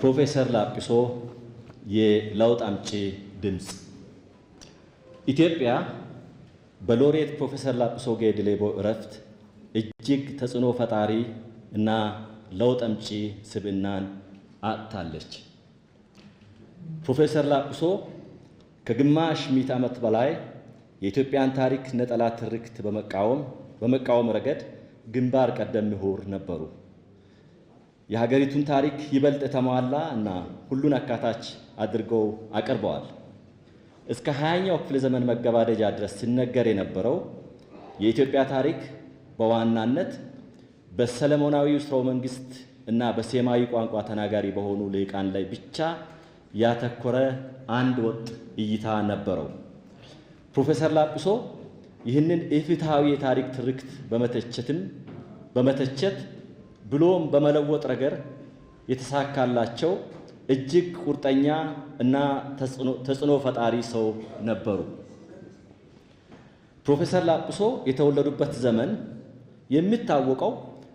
ፕሮፌሰር ላጲሶ የለውጥ አምጪ ድምፅ ኢትዮጵያ በሎሬት ፕሮፌሰር ላጲሶ ጌ.ዴሌቦ እረፍት እጅግ ተጽዕኖ ፈጣሪ እና ለውጥ አምጪ ስብዕናን አጥታለች። ፕሮፌሰር ላጲሶ ከግማሽ ምዕተ ዓመት በላይ የኢትዮጵያን ታሪክ ነጠላ ትርክት በመቃወም በመቃወም ረገድ ግንባር ቀደም ምሁር ነበሩ። የሀገሪቱን ታሪክ ይበልጥ የተሟላ እና ሁሉን አካታች አድርገው አቅርበዋል። እስከ 20ኛው ክፍለ ዘመን መገባደጃ ድረስ ሲነገር የነበረው የኢትዮጵያ ታሪክ በዋናነት በሰለሞናዊ ስርወ መንግስት እና በሴማዊ ቋንቋ ተናጋሪ በሆኑ ልሂቃን ላይ ብቻ ያተኮረ አንድ ወጥ እይታ ነበረው። ፕሮፌሰር ላጲሶ ይህንን ኢፍትሐዊ የታሪክ ትርክት በመተቸትም በመተቸት ብሎም በመለወጥ ረገድ የተሳካላቸው እጅግ ቁርጠኛ እና ተጽዕኖ ፈጣሪ ሰው ነበሩ። ፕሮፌሰር ላጲሶ የተወለዱበት ዘመን የሚታወቀው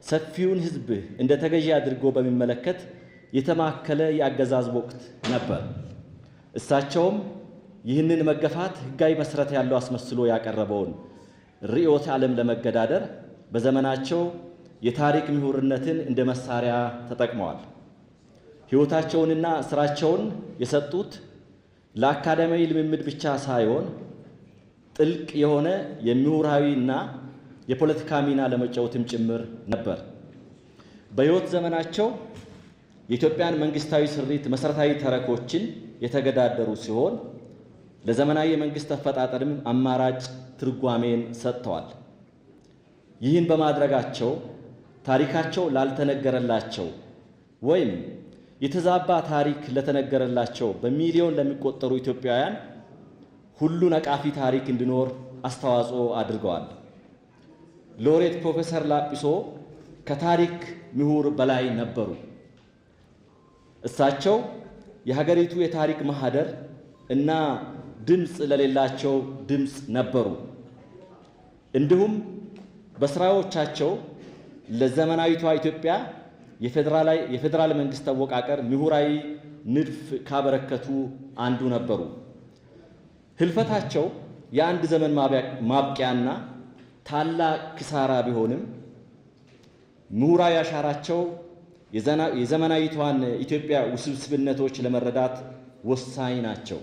ሰፊውን ሕዝብ እንደ ተገዢ አድርጎ በሚመለከት የተማከለ የአገዛዝ ወቅት ነበር። እሳቸውም ይህንን መገፋት ሕጋዊ መሰረት ያለው አስመስሎ ያቀረበውን ርዕዮተ ዓለም ለመገዳደር በዘመናቸው የታሪክ ምሁርነትን እንደ መሳሪያ ተጠቅመዋል። ሕይወታቸውንና ስራቸውን የሰጡት ለአካዳሚያዊ ልምምድ ብቻ ሳይሆን ጥልቅ የሆነ የምሁራዊና የፖለቲካ ሚና ለመጫወትም ጭምር ነበር። በሕይወት ዘመናቸው የኢትዮጵያን መንግስታዊ ስሪት መሰረታዊ ተረኮችን የተገዳደሩ ሲሆን ለዘመናዊ የመንግስት አፈጣጠርም አማራጭ ትርጓሜን ሰጥተዋል። ይህን በማድረጋቸው ታሪካቸው ላልተነገረላቸው ወይም የተዛባ ታሪክ ለተነገረላቸው በሚሊዮን ለሚቆጠሩ ኢትዮጵያውያን ሁሉን ነቃፊ ታሪክ እንዲኖር አስተዋጽኦ አድርገዋል። ሎሬት ፕሮፌሰር ላጲሶ ከታሪክ ምሁር በላይ ነበሩ። እሳቸው የሀገሪቱ የታሪክ ማህደር እና ድምፅ ለሌላቸው ድምፅ ነበሩ። እንዲሁም በስራዎቻቸው ለዘመናዊቷ ኢትዮጵያ የፌዴራል መንግስት አወቃቀር ምሁራዊ ንድፍ ካበረከቱ አንዱ ነበሩ። ህልፈታቸው የአንድ ዘመን ማብቂያና ታላቅ ክሳራ ቢሆንም ምሁራዊ አሻራቸው የዘመናዊቷን ኢትዮጵያ ውስብስብነቶች ለመረዳት ወሳኝ ናቸው።